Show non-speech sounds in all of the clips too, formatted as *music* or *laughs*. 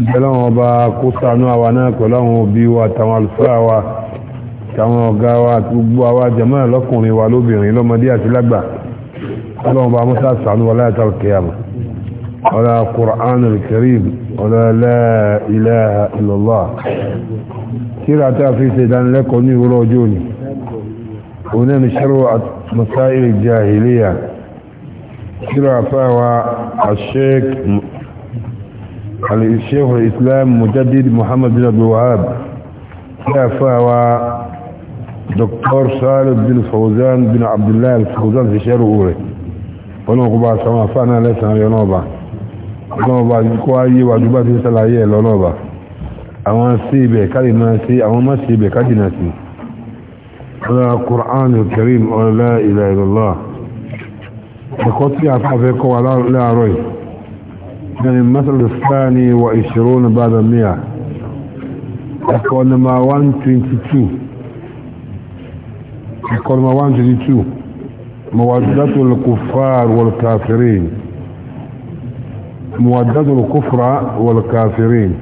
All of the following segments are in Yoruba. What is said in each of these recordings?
ìjọlọ́wọ́n ọba kó ṣàánú àwa náà pẹ̀lú àwọn òbí wa àtàwọn àlùfáà wa àtàwọn ọ̀gá wa àti gbogbo àwa jàmáà lọ́kùnrin wa lóbìnrin lọ́mọdé àti lágbà ọlọ́wọ́n ọba mọ́sá ṣàánú wa láyàtà kẹyàmù ọlá Qur'an al-Karim ọlá la ilaha illallah kíra tá a الشيخ الإسلام مجدد محمد بن عبد الوهاب دافع دكتور سالم بن فوزان بن عبد الله الفوزان في شهر أوري ونقبع سما فانا لسنا ينوبا ينوبا كواي واجبات سلاية لنوبا àwọn síbẹ̀ kárí máa sí àwọn má síbẹ̀ kájìnà sí ọlá kùránù kẹrìm ọlá ilẹ̀ ìlọ́lá ẹ̀kọ́ tí a fẹ́ kọ́ wà láàárọ̀ yìí يعني المثل الثاني وعشرون بعد المئة يقول نما 122 يقول نما 122 مودة الكفار والكافرين مودة الكفر والكافرين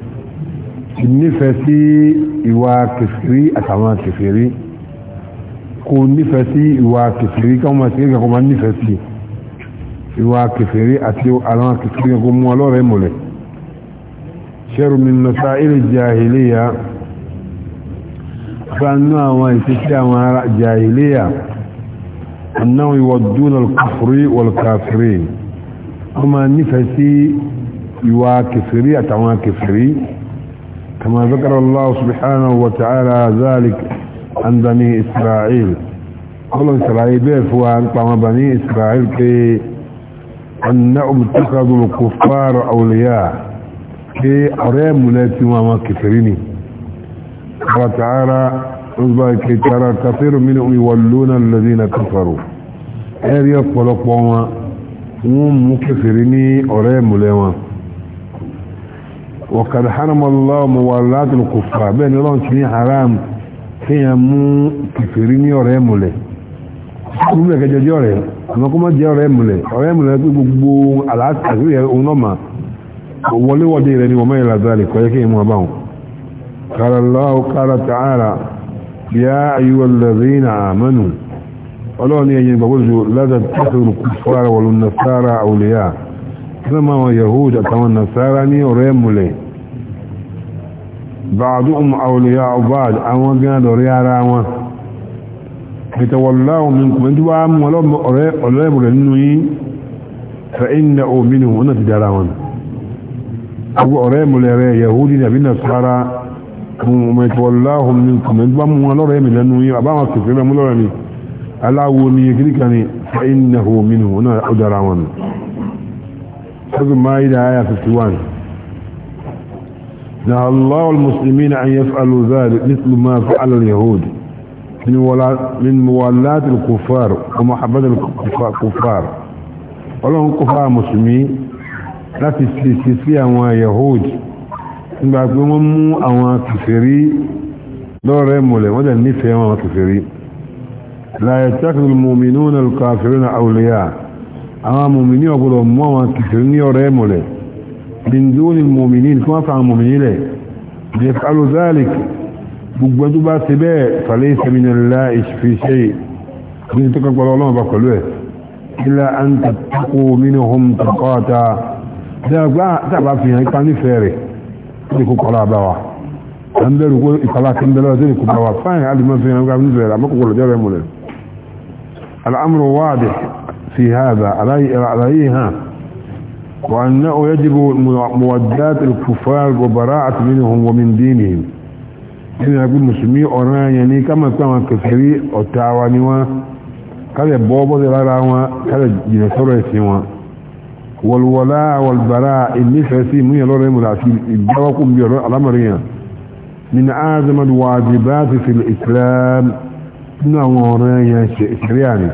النفسي يواكفري أتعمى كفري كون نفسي يواكفري كما تريد كما نفسي ìwà kẹfẹ̀rí àti àwọn kẹfẹ̀rí kò mú ọlọ́rẹ̀ mọ̀lẹ̀ ṣẹ́rù mi nọ́ta ilẹ̀ jahiliya fánú àwọn ìṣẹ́ṣẹ́ àwọn ará jahiliya annáwó ìwọ̀dún alkafiri walkafiri wọ́n ma nífẹ̀ẹ́ sí ìwà kẹfẹ̀rí àtàwọn kẹfẹ̀rí كما ذكر الله سبحانه وتعالى ذلك عن بني إسرائيل قولوا إسرائيل بيفوا عن بني إسرائيل كي أنهم اتخذوا الكفار أولياء كي أرام التي وما كفرني قال تعالى كي ترى كثير منهم يولون الذين كفروا هل يطلق وما هم مكفرني أرام اليوم وقد حرم الله موالاة الكفار بين الله شني حرام فيها مو كفرني أرام اليوم كل ما كجاجي أرام àmọ́ kó má jẹ́ ọ̀rẹ́ ìmùlẹ̀ ọ̀rẹ́ ìmùlẹ̀ pé gbogbo àlàáfíà yẹ òun náà mà wọléwọ̀dé rẹ ni wọ́n mẹ́rin làzàlẹ̀ kọjá kí n mú abáwọn. qala Allahu qala ta'ala ya ayyuhal ladhina amanu ọlọ́ọ̀ni ẹ̀yìn ìgbàgbọ́sọ ládàá tẹ́sán kúfàrà wal nasara awliya sọ́mọ́ àwọn yahood àtàwọn nasara ní ara wọn يتولاه منكم انت وعام ولو قريب لأنه فإنه منه أنا تجارون أبو قريب لأري يهودي نبي نصارى وما يتولاهم منكم انت وعام ولو قريب لأنه أبا ما تفهم ولو رمي aláwo ni gíríkàní fa'innahu minhu na ọdára wọn ma yi da haya 51 na allahul musulmi na an yi fa'alu zari mislu ma fa'alar yahudi من موالاة الكفار ومحبة الكفار ọlọ́run kó fáà mùsùlùmí láti ṣe sí àwọn yahood nígbà pé wọ́n mú àwọn kìfèrí lọ́rẹ̀ mọ̀lẹ̀ wọ́n dẹ̀ nífẹ̀ẹ́ àwọn kìfèrí láyé tákìlì mọ̀mìnú na kàfèrí na àwòlẹ́yà àwọn mọ̀mìnì ọ̀gbọ̀dọ̀ mú àwọn kìfèrí ní ọ̀rẹ́ mọ̀lẹ̀ gbogbo ẹjọ́ bá ṣe bẹ́ẹ̀ fàlẹ́ ìsẹ́mìnàlá ìṣẹ́fẹ́ ní tó kọ́ pọ̀lọ́ ọlọ́mọba pẹ̀lú ẹ̀ ilá an tàkó mínú hom tàkọ́ta dáàgbà tàbá fi hàn ipa nífẹ̀ẹ́ rẹ̀ ní kò kọ́lá bá wa à ń bẹ̀rù kó ìkọlá kan bẹ̀rẹ̀ ọdún ìkọlá wa fáìn alìmọ́ الأمر واضح في هذا عليها وأنه يجب مودات الكفار وبراءة منهم ومن دينهم nínú agbé mùsùlùmí ọ̀ràn ayẹn ní ká mọ̀ pé àwọn kèfèrí ọ̀tá wa ni wọ́n kálẹ̀ bọ́ bọ́sẹ̀ lára wọn kálẹ̀ jìnà sọ́rọ̀ ẹ̀sìn wọn wọlwọlá wọlbàrá ìnífẹ̀ẹ́ sí ìmúyàn lọ́rọ̀ ìmúlà àti ìgbáwọ́kùn bí ọ̀rọ̀ alámọ̀ríyàn من أعظم الواجبات في الإسلام أنه رأي شرياني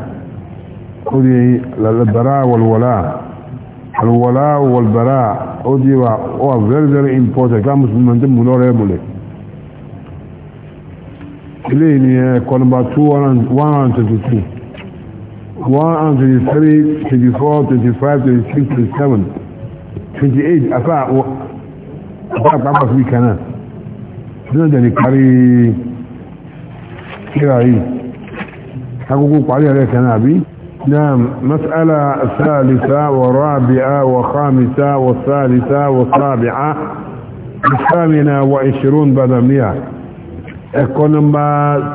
أدي البراء والولاء الولاء والبراء أدي وزرزر إمبوتة كان مسلمان تم منور يبولك eléyìí ni ẹ̀kọ́ eh, nọmba two one hundred twenty two one hundred twenty three twenty four twenty five twenty six twenty seven twenty eight afa afa àpapọ̀ sí kan náà sínú ìjẹ̀ kárí kíra yìí akókó parí ẹ̀rẹ́ kan náà bí نعم مسألة ثالثة ورابعة وخامسة والثالثة والسابعة الثامنة وعشرون بعد مئة ẹ̀kọ́ nọmba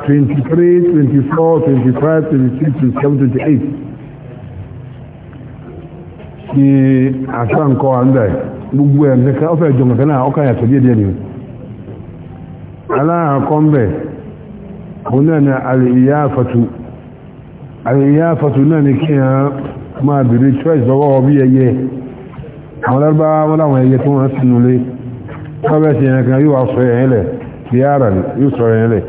23 24 25 26 27 28 ni àṣà nǹkọ́ àndà gbogbo ẹ̀ nìkan ọ̀fẹ́ ìjọba kan náà ọkà yàtọ̀ díẹ̀ díẹ̀ ni aláàkọ́ ń bẹ̀ òun náà ni àlèyá àfàtù àlèyá àfàtù náà ni kí hàn máa bèrè choice lọ́wọ́ bí ẹyẹ àwọn lárúbáwá wọn láwọn ẹyẹ tó wọn sínú lé tọ́bẹ̀ẹ́sì ẹ̀kan yóò wá sọ ẹ̀yẹn lẹ̀ yára yóò sọ̀rọ̀ yẹn lẹ̀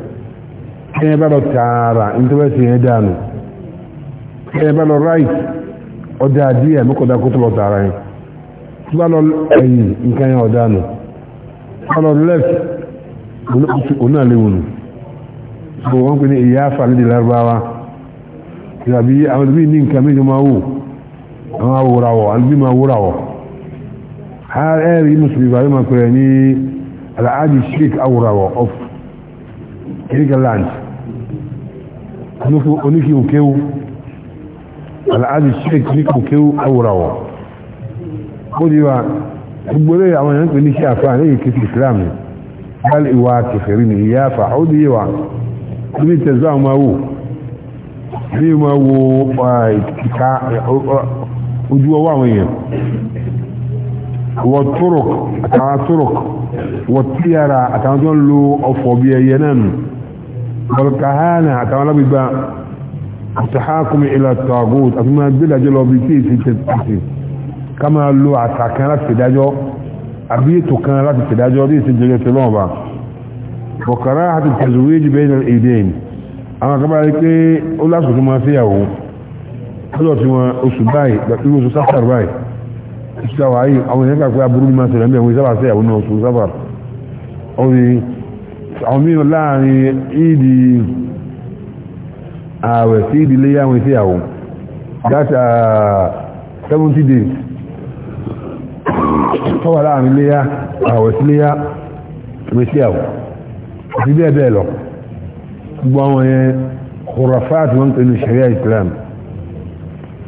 kí ẹ bá lọ tààrà right ọdá díẹ̀ mẹ́kọ̀dá kó tó lọ tààrà yẹn tí bá lọ ẹ̀yìn nǹkan yẹn ọ̀dànù bá lọ left òun náà léwu nù so wọ́n pè ní ìyá àfàlẹ́dì lárúbáwá ìràbí àwọn ìlú ní nǹkan méjì ma wò àwọn awòràwọ̀ àwọn ìlú máa wòràwọ̀ ẹ̀rí mùsùlùmí bàbá alhaji sheik awurawa of kirigaland oníkì òkéwú alhaji sheik oníkì òkéwú awurawa ó di wa gbogbo lórí àwọn èèyàn pè ní ṣe àfáà lẹ́yìn kìtì islam ni bal ìwà kẹfẹ̀rí ni ìyá àfà ó di wa níbi tẹ̀sí àwọn máa wò bí máa wo ìka ojú ọwọ́ àwọn èèyàn wọ́n tórok wa piyara a tawon jɔn lu ɔfɔbiya yenan na a tawon labi gba asahakumi ila tagut a tuma bi lajɛ lɔ bi ti fi ti ti kama lu a ta kan lati dajɔ a bi to kan lati ti dajɔ bi ti jɛgɛ ti ba wa ha a ti tɛzu wi ji bɛ yen iden a ma kaba yi pe o la sotuma fiya o a yi wa tuma o su ba yi o su ìṣúra wà áyì àwọn èèyàn kàpẹ́ aburú ní máa ṣẹlẹ̀ ń bẹ̀ wọ́n sábà sẹ́yàwó náà oṣù sábà ọ̀rẹ́ àwọn mìíràn láàrin ìdí ààwẹ̀ sí ìdílé yáwọn ìṣẹ́yàwó that's uh, 70 days tọ́wà láàrin léyá ààwẹ̀ sí léyá ìṣẹ́yàwó àti bẹ́ẹ̀ bẹ́ẹ̀ lọ gbogbo àwọn yẹn kùrọ̀fáàtì wọn pẹ̀lú sharia Islam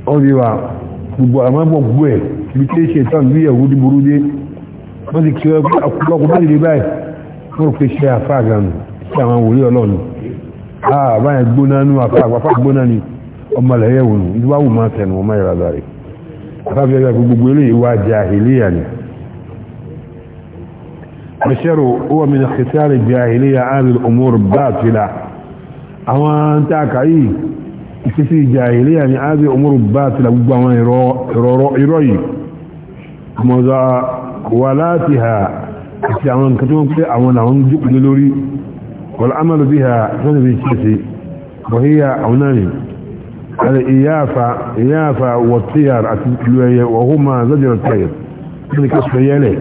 ó wa gbogbo àwọn gbogbo ẹ̀ bí tí ṣe tán bí ẹ̀wú ní burú dé wọ́n ti kí ọkùnkùn bá lè báyìí wọ́n rò pé ṣe àfá àgànù sí àwọn wòlé ọlọ́run àbáyẹn gbóná nú àfá gbóná ni ọmọ lẹ́yẹ̀ wòlù ní wàá wù máa tẹnu ọmọ ìrà lọ rẹ̀ àfáfẹ́ gbogbo ìfẹ́sí jahiliya ni ábí umuru bátìlá gbogbo àwọn ìrọ̀rọ̀ yìí mọ̀zá wà láti ha àti àwọn nǹkan tí wọ́n pẹ́ àwọn àwọn jùkúlé lórí wọ́n amàlù bí ha sọ́nà bí ṣẹ́sẹ̀ wọ́híyà àwọn náà ni ìyáfà wọ̀tíyàr àti ìlú ẹyẹ wọ́hún máa zọ́jọ́rọ̀ tayẹ̀ ní ká sọ yẹlẹ̀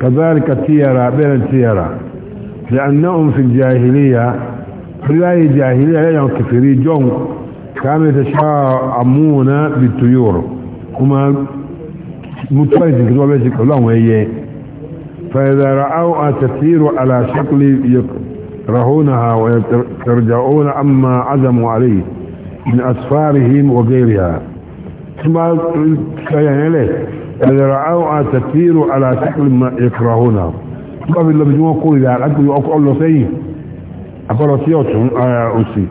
kazalika tiyara bẹ́ẹ̀ tiyara لأنهم في الجاهلية خلال الجاهلية يوم كفري جون كان يتشاعمون بالطيور هما متفايز كده بيش كلهم هي فإذا رأوا تثير على شكل يكرهونها ويترجعون أما عزموا عليه من أسفارهم وغيرها ثم كيان إليه إذا رأوا تثير على شكل ما يكرهونها ما في اللي قول إذا أكل يأكل الله سيه akọ́lọ sí ọ̀tún ara eh, òsì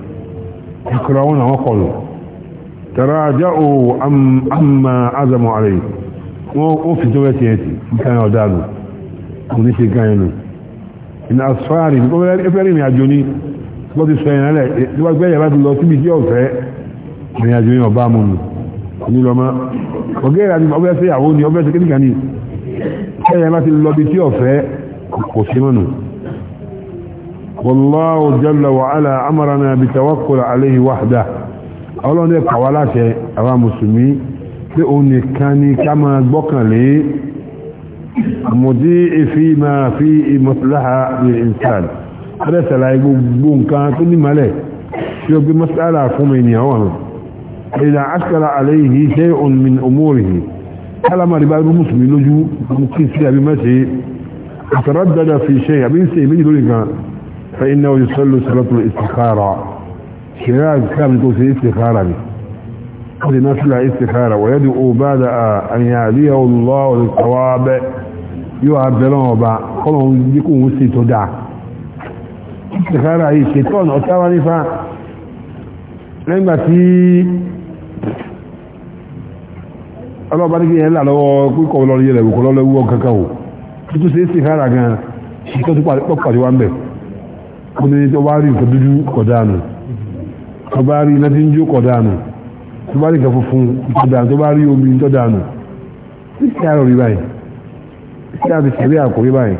ìkọ̀rọ̀ àwọn àwọn kọlù tàrà àjá òwò àmà azamọ̀ àrẹ wọ́n ó fi tó wẹ́tí ẹ̀tì nǹkan ọ̀dánù kò ní ṣe gan ẹnu ìnà asfáàrí ní kọ́wẹ́ ẹfẹ́ rìnrìn àjò ní wọ́n ti sọ ẹ̀yàn lẹ̀ tí wọ́n gbẹ́yà láti lọ síbi tí ọ̀fẹ́ rìnrìn ní ọba mú والله جل وعلا أمرنا بتوكل عليه وحده أولا نبقى ولا شيء أرى مسلمي لأني كاني كما بقى لي مضيء فيما في مصلحة للإنسان هذا سلاي بون كان كل ملك يبقى مسألة فمين هون إذا أشكر عليه شيء من أموره هل ما ربال المسلمين لجو ممكن سيئة بمسيء تردد في شيء بين سيمين بين دولي كان فإنه يصلي صلاة الاستخارة شراء كامل توسي استخارة به قد نسلع استخارة ويدعو بعد أن يهديه الله للصواب يوهب لهم بعض قلهم يكون وسي تدع استخارة هي شيطان أتواني فا لما تي ọlọ́ bá ní kí ẹ̀lá lọ́wọ́ kíkọ̀ lọ́rọ̀ yẹlẹ̀ ìwòkọ̀ lọ́lọ́wọ́ kankan wò títúsí sí kára gan ṣíkọ́ tó pàdé wá ń bẹ̀rẹ̀ ó ní tó bá rí nǹkan dúdú kọ̀dánù tó bá rí iná tí ń jó kọ̀dánù tó bá rí nǹkan funfun kọ̀dánù tó bá rí omi tó dánù kí á ti ṣẹlẹ̀ àkórí báyìí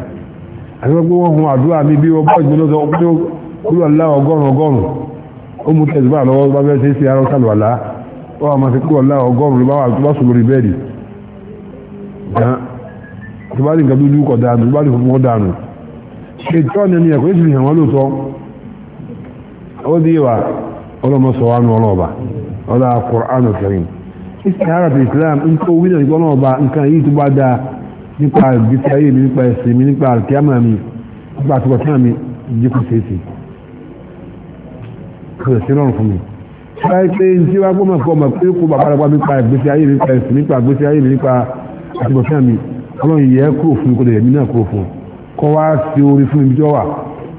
àti wọ́n gbé hun àdúrà mi bí ọgbọ́n ìgbóná sọ pé olú àlá ọgọ́rùn ọgọ́rùn ó mú tẹ̀síbà lọ́wọ́ bá bẹ́ẹ̀ ṣe é ṣe arọ́ sàlùwàlá ó wà máa ṣe pé ọlá ọgọ́rùn ló bá wà tó bá sùn lórí bẹ́ẹ̀dì tó bá rí nǹkan dúdú ṣètọ́ na ẹ̀kọ́ ìsìn ìhàn wọn lóòótọ́ ó ọlá ti Islam ń wílẹ̀ ìgbọ́n nǹkan yìí tó bá dáa nípa ayé mi nípa ẹ̀sìn mi nípa àkíyàmà mi nípa àtúbọ̀tán mi jíkù ṣèṣì kò sí rọrùn fún mi báyìí pé tí kó bàbá rẹ̀ wá nípa ìgbésí ayé mi nípa ẹ̀sìn nípa ayé mi nípa mi ọlọ́run yẹ kúrò kọ́ wá sí orí fún ibi tó wà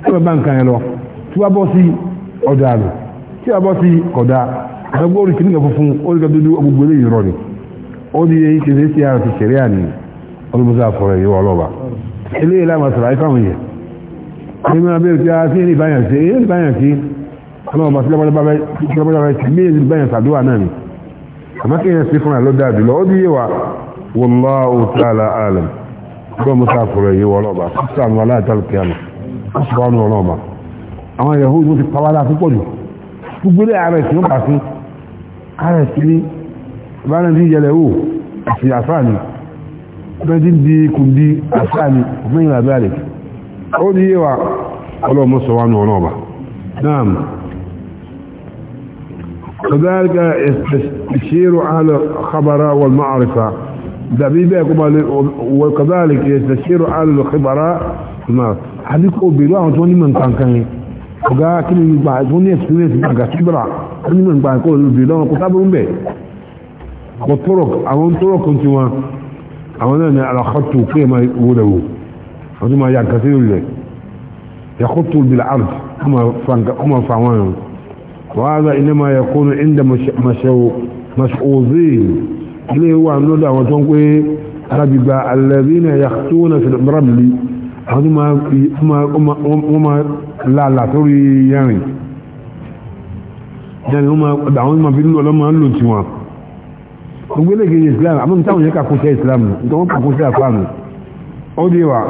tí wọ́n bá nǹkan yẹn lọ tí wọ́n bọ́ sí ọ̀dà rẹ̀ tí wọ́n bọ́ sí kọ̀dà àgbẹ̀gbọ́ orí kìnnìkan funfun orí kan dúdú gbogbo eléyìí rọ ni ó ní eyín kìí ṣe ara ti ṣẹ̀rí àní ọlọ́mọdé àfọ̀rọ̀ yìí wọ́n lọ́ba eléyìí láwọn sọ̀rọ̀ ayé fáwọn yẹn ní máa bẹ́ẹ̀ tí a sí ní ìbáyàn sí èyí ìbáyàn sí ọlọ́mọba sí lọ́bọ́dá bá ti méjì ìbáyàn sàdúrà sí gbọ́n musa kúrò yìí wọ́n lọ́ba sísan wọn láì tẹ́lẹ̀ kíá lọ wọ́n wọn lọ́ba àwọn yahudu ti pàwádà púpọ̀ jù gbogbo ààrẹ tí ó bà sí ààrẹ tí ní bára ní yẹlẹ̀ wò àti àfáàní bẹ́ẹ̀dì di kùndí àfáàní fún ìlà bẹ́ẹ̀rẹ̀ ó ní yíwa ọlọ́mọsọ̀wánú ọlọ́ọ̀bà náà كذلك استشير على الخبر والمعرفة دبيبه كما وكذلك يستشير على الخبراء ما حديث بيرو àwọn tó ní mọ̀ nǹkan kan ọ̀gá kí ni gba tó ní experience gba khibra ní mọ̀ nǹkan ko lu biro ko tabu nbe ko torok àwọn torok kun ti wọn àwọn na ala khatu ke ma wudawo àwọn ma ya kan le ya khutu bil ard kuma fanga kuma fawan wa hada inma yakunu inda mashaw mashuzin ilé wà lọ́dọ̀ àwọn tó ń pé arábìgbà alẹ́bínà yàtúnà fi rábìlì àwọn tó máa láàlá sórí yẹrin jẹ́ni àwọn máa fi lọ́ lọ́mọ lò tí wọn gbogbo ilé kejì islam àmọ́ táwọn yẹ kàkó sí islam nítorí wọn kàkó sí àfáàmù ó dé wa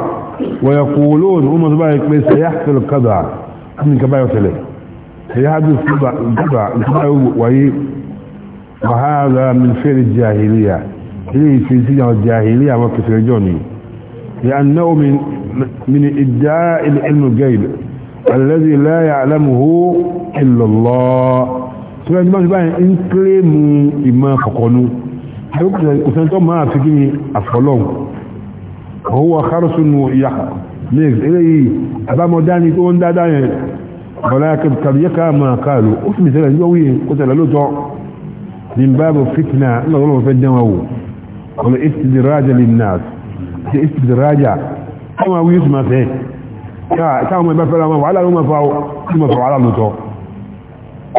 wọ̀yẹ̀ kò lóòrùn ó mọ̀ tó báyìí pé sẹ́yà tẹ̀lẹ̀ وهذا من فعل الجاهلية إليه في سنة الجاهلية وكفر الجوني لأنه من, من إدعاء العلم الغيب الذي لا يعلمه إلا الله سبحانه ما سبحانه إن كلموا إما فقنوا وسنتم ما فيكني أفلون هو خرس ويحق ميز إليه أبا مداني تقول دا دا ولكن قد يكا ما قالوا أسمي سنة جوية قتل له من باب الفتنة الله غلوه في الدمو والاستدراج للناس الاستدراج كما هو يسمى فيه كما هو يبفل ما فعله وما فعله ثم فعله لطوه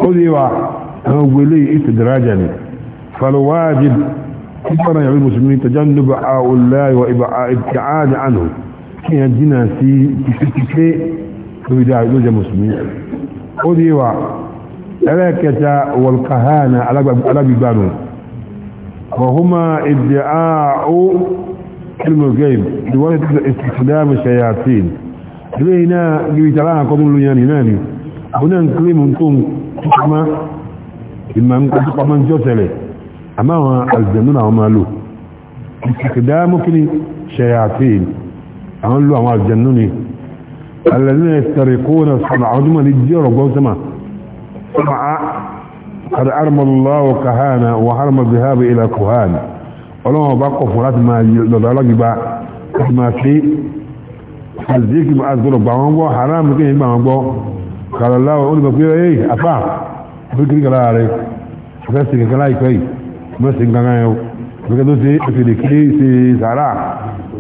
خذوا هو لي استدراجا فالواجب كبرا يعمل المسلمين تجنب عاء الله وابتعاد عنه كي يجينا في كي في كي في المسلمين خذوا ẹlẹ́kẹta wọlkahánà alágbìgbànù wọ̀húnmá ìdí àáó ilmọ̀gẹ́m ìwọ́n ìsìkìdámi ṣayatín ilé iná gíríkàlá àkọ́dún lóyìn náà ni àwọn náà ń kílìmù tó ń kúkúmá ìmọ̀ ń kúkúmá jọ tẹ̀lẹ̀ àmá àwọn alìjẹ̀nú àwọn máa lò ìsìkìdámi kiri ṣayatín àwọn lò àwọn alìjẹ̀nú ni alẹ́lẹ́ مع قد أرمى الله كهانا وحرم الذهاب إلى كهان. ولما بقوا فرات ما يدلق بقى ما في الذيك ما أذكر بعمره حرام كين بعمره قال الله أقول بقى إيه أفا فكرك لا عليك فكرك لا يكفي ما إن كان يو بكذا سي في الكلي سي سارع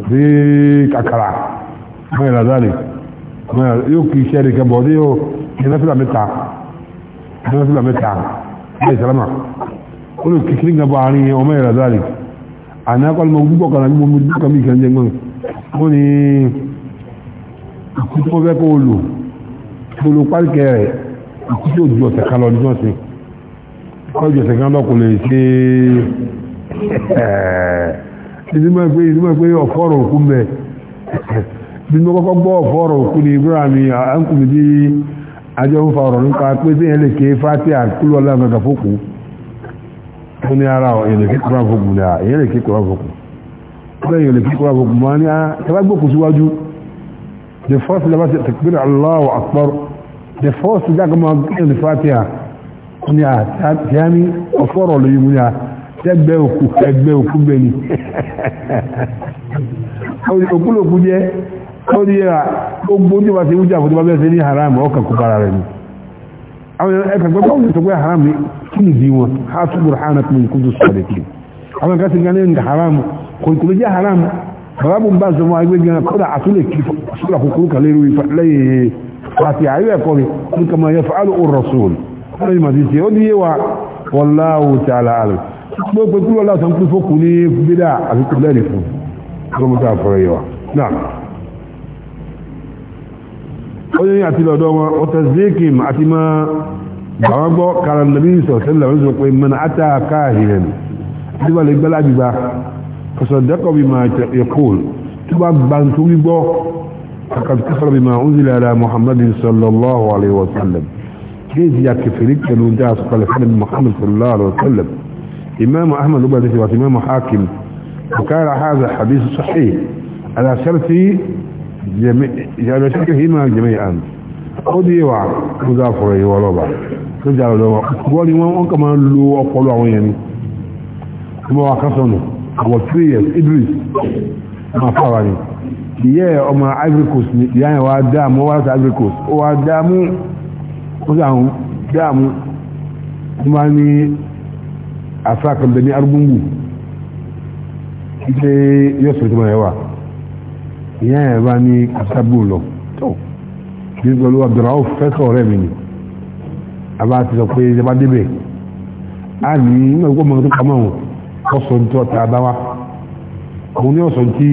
سي كاكرا ما إلى ذلك ما يوكي شركة بوديو كنا في المتعة náà sílẹ̀ mẹ́ta ẹ̀ sẹ́lẹ̀mà ó lè kékeré ń gbà àárín ọmọ ìrà záàlì àná kọ́lù mọ́ gbúgbọ̀ kan nígbà mú dúkà mí kẹ́ńjẹ́ gbọ́n ó ní ìkú tó fẹ́ kó o lò kó lo pálíkẹ́ rẹ̀ ìkú tó ju ọ̀sẹ̀ kan lọ níjọ́ sí kọ́jú ọ̀sẹ̀ kan lọ kò lè ṣe ìdímọ̀ pé ìdímọ̀ pé ọ̀fọ́rọ̀ òkú mẹ́ bí mo kọ́kọ́ gbọ́ ọ̀fọ́rọ̀ òkú ni ibrahim ankumidiyi ajọ́ ń fa ọ̀rọ̀ nípa pé sí ẹ̀lẹ́ ké fátí àkúlù ọlọ́gbẹ̀gbẹ̀ fókù tó ní ara ẹ̀lẹ́ ké kúrò fókù ní ẹ̀lẹ́ ké kúrò fókù lẹ́yìn ẹ̀lẹ́ ké kúrò fókù ma ní tẹ́lágbòkù síwájú the first level ṣe tẹ̀kpẹ́rẹ́ Allahu Akbar the first jágọ́mọ́ ẹ̀lẹ́ fátí à ní àtàmì ọ̀fọ́rọ̀ lóyún tẹ́gbẹ́ òkú ẹgbẹ́ òkú gbẹ̀ni *laughs* òkú lòkú jẹ́ ó ní ẹ̀rà ah, gbogbo tí wọ́n ti ń jà fún tí wọ́n bẹ́ẹ̀ sí ní haram ọkà kó bára rẹ̀ ni àwọn ẹ̀kà gbogbo ọ̀hún tó pé haram ní kí ni bí wọn ha tún bùrù hàn àti mọ̀nyí tó sọ̀rọ̀ kí àwọn ẹ̀kà gánà ní haram kò kò jẹ́ haram bàbá bò ń bá sọmọ agbègbè gánà kódà àtúnlẹ̀ kí sọ́dà kòkòrò kan lérò lẹ́yìn àti àyè ẹ̀kọ́ ni ní oye àti lọ́dọ̀ wọn ọ̀tẹ̀ zekim àti ma àwọn gbọ́ kàrà nàbí sọ̀tẹ́lẹ̀ wọn sọ pé mẹ́nà àtà káàhìrẹ̀ nù tí wọ́n lè gbẹ́lá gbígbà kọ̀sọ̀dẹ́kọ̀ bí ma yẹkùl tí wọ́n gbà ń tó gbígbọ́ kàkàtàkọ̀ bí ma ń zilẹ̀ ara muhammadu sallallahu alaihi wa sallam kéèzì ya kẹfìrí pẹ̀lú ń dá sọ̀kalẹ̀ fún muhammadu sallallahu alaihi wa sallam imam ahmed ló gbà ní ti wàtí imam hakim bukara haza hadith sahih ala sharti جامع شركهما جميعا قضي وع مضافر وربع رجع له قولي وان كمان لو اقول عيني ما وقفنا هو سيد ادريس ما فراني ìyẹ́ ọmọ ivorycoast ni ìyá yẹn wá dáàmú wá láti ivorycoast ó wá dáàmú ó dáàmú dáàmú ó máa ní àfáàkàndẹ̀ ní arúgbùngbù ilé yọ́sùn tó máa yẹ wà ìyá ẹ̀ bá ní kàtàbù lọ tó bí gbọ́lú abdulrahman fẹ́sọ̀ ọ̀rẹ́ mi ni àbá ti sọ pé ìjọba débẹ̀ a ní ìgbà gbọ́ mọ́tò pamọ́ wọn ọ̀sọ̀ ní tó ta bá wa òun ní ọ̀sọ̀ tí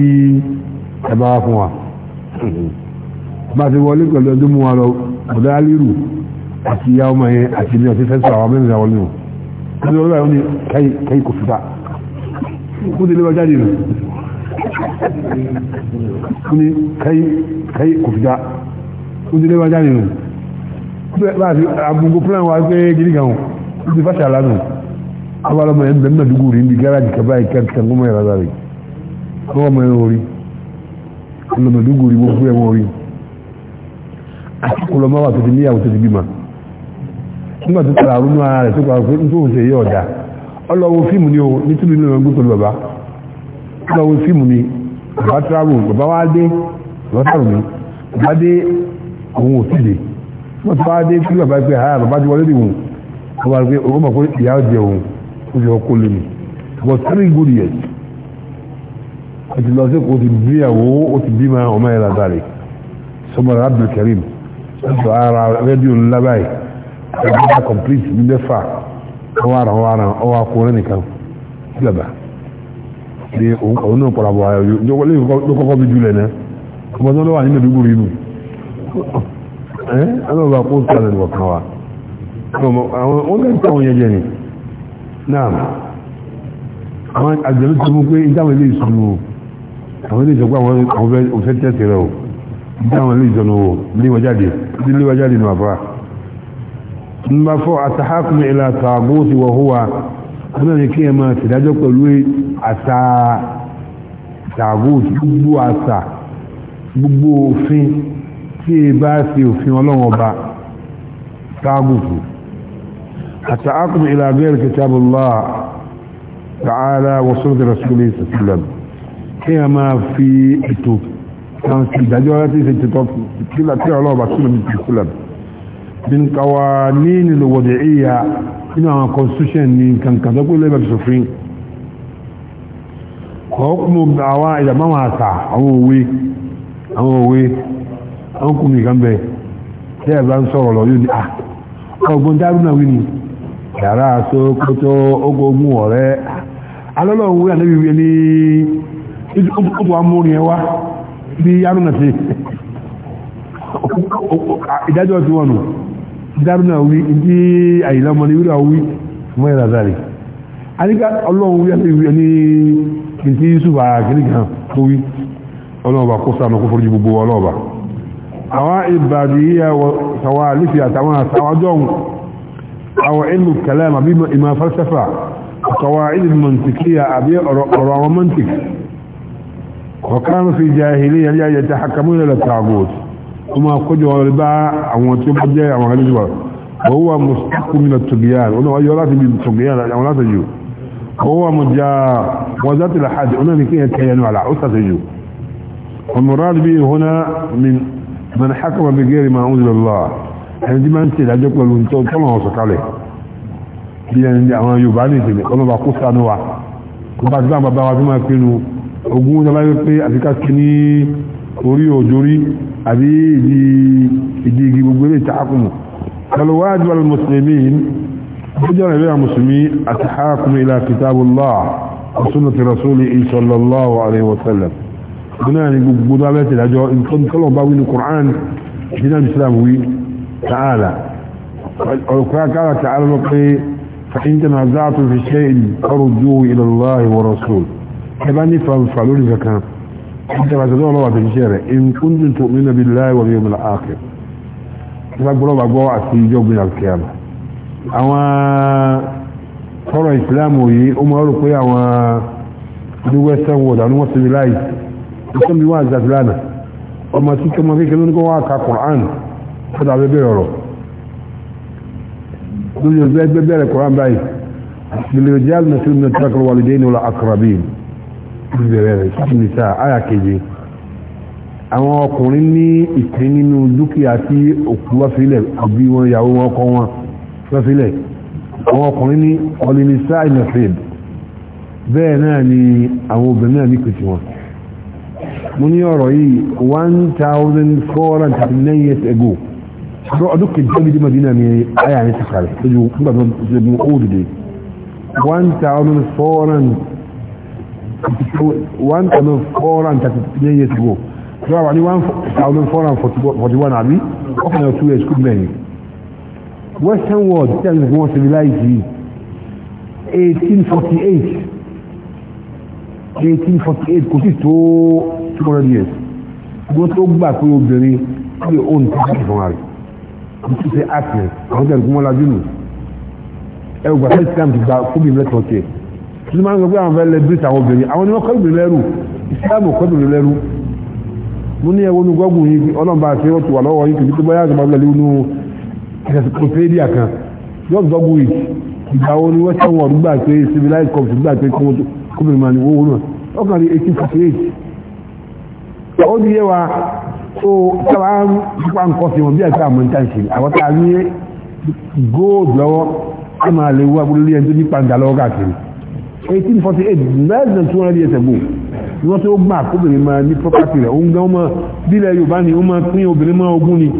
ẹ bá wa fún wa bá ti wọlé pẹ̀lú ẹjọ́ mú wa lọ ọ̀dọ́ alérù àti ìyá ọmọ yẹn àti ilé ọtí fẹ́sọ̀ àwọn mẹ́rin àwọn nínú ẹni wọ́n báyìí kẹ́yì kò fìdá kó délé wọ́n jáde nù ní kai kò fi dá ó ti léwá jáde nù bá ti agbogbo plan wa pé gidi gan ó ti fásitì alánù abalọmọ ẹ̀ ń bẹ̀ mẹ́dúgbò rí ní gáràjì kẹfà ìkẹta ń gbọ́mọ̀ ìrọ̀lá rẹ̀ ọwọ́ mọ̀ ẹ̀rọ orí ọlọ́mọdúgbò rí gbogbo ẹ̀wọ̀n orí àti kọlọmọ wà tó ti níyàwó tó ti bímọ nígbà tó tara ronú ara rẹ̀ tó kọ pé n tó ń ṣe yé ọ̀dà ọlọ́wọ́ fíìmù ni o nítorí nínú ẹgbẹ́ pẹ̀lú bàbá ọlọ́wọ́ fíìmù ni bàbá travel bàbá wá dé bàbá travel mi bàbá dé òun ò sí dé wọ́n ti wá dé kí bàbá pé àyà ah, bàbá ti wọlé dì wọ́n bàbá pé òun mọ̀ pé ìyá jẹ òun ó fi ọkọ lé mi for three good years ó ti lọ sí kò ti bí ìyàwó ó ti bí ma ọmọ yẹn látàrí sọmọlá Abdul Karim ó sọ ara ah, rédíò ńlá báyìí ó bá complete ní mẹ́fà ó wà ràn ó wà ràn nìkan sí bàbá ní òun náà pọ̀lọpọ̀ ayọ̀ ló kọ́kọ́ bí jùlẹ̀ náà ọmọ tó lọ́wà nínú ìdúgbò inú ẹ́ ọlọ́wà kó sàlẹ̀ lọ kan wa àwọn oníkà àwọn yẹjẹ ni náà àwọn àjẹ́lú ti mú pé ìdáwọn ilé ìṣòro àwọn ilé ìṣòro àwọn òfẹ́ tẹ́sì rẹ̀ o ìdáwọn ilé ìṣòro léwájáde léwájáde nù àfà ń bá fọ́ àtàhákùn ìlà tààbó ti wọ̀ hùwà ọlọ́run kí ẹ máa tìdájọ́ pẹ̀lú àṣà tàgóòtù gbogbo àṣà gbogbo òfin tí e bá ṣe òfin ọlọ́wọ́n ọba tàgóòtù àṣà akùnrin ìlàgẹ́rì kitabullah ta'ala wa sunnati rasulih sallam kí a máa fi ètò kan sí ìdájọ́ láti ṣe constitution ní kankan tó kú lẹ́bàá sọ̀fin kọ̀ọ̀kùnmù àwọn ìjàmáwà àtà àwọn òwe àwọn òwe ọkùn nìkan bẹ̀ tí ẹ̀bá ń sọ̀rọ̀ lọ yóò ní à ah, ọgbọ́n dárúnà wí ni yàrá tó kótó ogogun ọ̀rẹ́ ah, alọ́lọ́wọ́ ànábìwé ní ẹwà bí sí tí nù wí ní ní wí kí n tí yusuf àkìrí kan tó wí ọlọ́ọ̀bà kó sànà kó forí gbogbo ọlọ́ọ̀bà àwọn ìbàdí yíya sàwà lífi àtàwọn àsàwájọ́ àwọn ilmu kalama bí ìmọ̀ falsafa àtàwà ilmu mantikiya àbí ọ̀rọ̀ àwọn mantik ọ̀kan fi jahiliya yá yẹ tàhàkàmú ilẹ̀ tàgót ó máa kójọ ọ̀rẹ́ bá àwọn tí ó bá jẹ́ àwọn ẹlẹ́jọ́ wọ́n wà mustaqim min at ó náà wáyé láti bí tùgbìyàn àwọn látàjú هو مجار وذات الحد هنا لكي يتحين على عصة جو والمراد به هنا من من حكم بغير ما أنزل الله يعني دي ما انت العجب والمنتو كما وصك عليه يعني دي أما يبعني تبي قلنا بقص عنه كبات بان بابا وفيما يكينو ogun ọlá wípé àfikà sí ní orí òjòrí àbí ìdí igi gbogbo ilé ìtàkùnmù kọlọ̀wájú al-muslimin بجانا إليها مسلمي أتحاكم إلى كتاب الله وسنة رسوله صلى الله عليه وسلم هنا قدامات الهجوة إن كنت كلهم باوين القرآن هنا الإسلام هو تعالى وقال تعالى تعالى فإن تنازعتم في شيء فردوه إلى الله والرسول كباني فالفعلوا لي زكاة انت ما تدعو الله في الشارع إن كنتم تؤمن بالله واليوم الآخر فقالوا بقوا جو من الكيامة àwọn tọrọ ìsìláàmù yìí ó mọ́ rò pé àwọn ní western world àwọn wọ́n civilize ìsọ́n bí wọ́n àzàtìlánà ọmọ tí kọmọ kékeré ní kọ́ wá ka Quran fọ́dà bẹ́bẹ̀rẹ̀ ọ̀rọ̀ lórí ọ̀gbẹ́ bẹ̀rẹ̀ Quran báyìí ìlú jẹ́ àlùmọ̀sí ní tọ́kọ̀ wàlùdẹ́ ní ọlọ́ akọ̀rọ̀bí bẹ̀rẹ̀ sísá àyà keje àwọn tí òkú wá sílẹ̀ àbí wọn ìyàwó lọ́sílẹ̀ àwọn ọkùnrin ní ọlìlísá ìnàfẹ́d bẹ́ẹ̀ náà ni àwọn obìnrin náà ní pèsè wọn mo ní ọ̀rọ̀ yìí 1439 years ago ṣùgbọ́n ọdún kejì ọdún ìdí Madina ni àyà ní sàkàrẹ̀ lójú nígbà tó ṣe mú ó dìde 1439 years ago ṣùgbọ́n àwọn ní 1441 àbí ọkùnrin ọ̀tún years kúrò mẹ́rin western world tí a ń gbọ́n civilize yìí 1848 1848 kò sí tó 200 years gbọ́n tó gbà pé obìnrin tí ó ń tẹ́lẹ̀ ìfọ̀n rẹ̀ kò sí ṣe àtẹ̀ àwọn tẹ̀lé kúmọ́lá jùlọ ẹ̀rù gbà fẹ́ẹ́ sàm ti gba fúnmi lẹ́tọ̀ọ́ tẹ̀ tí wọ́n sọ pé àwọn fẹ́ẹ́ lẹ bí àwọn obìnrin àwọn ni wọ́n lẹ́rù ìsìlámù kọ́ lẹ́rù mo ní ẹwọ́n mi yìí ọlọ́mọba àti ẹ̀rọ lọ́wọ́ yìí kìí encyclopedia kan yóò dọ́gbù yìí ìgbà wo ni western world gbà pé civilized country gbà pé kọ́mìnì máa ní owó náà ó ní eighteen forty eight ó di yé wa tó sábà ń pa nǹkan sí wọn bí àti àmọ́ níta ìṣe àwọn a ní gold lọ́wọ́ a máa lè wá gbólórí ẹni tó ní pàǹdà lọ́wọ́ káàkiri eighteen forty eight less than two hundred years ago ni wọ́n tó gbà kọ́mìnì máa ní property rẹ̀ òun gan ọmọ bílẹ̀ Yorùbá ni ó máa pín obìnrin máa ogún ni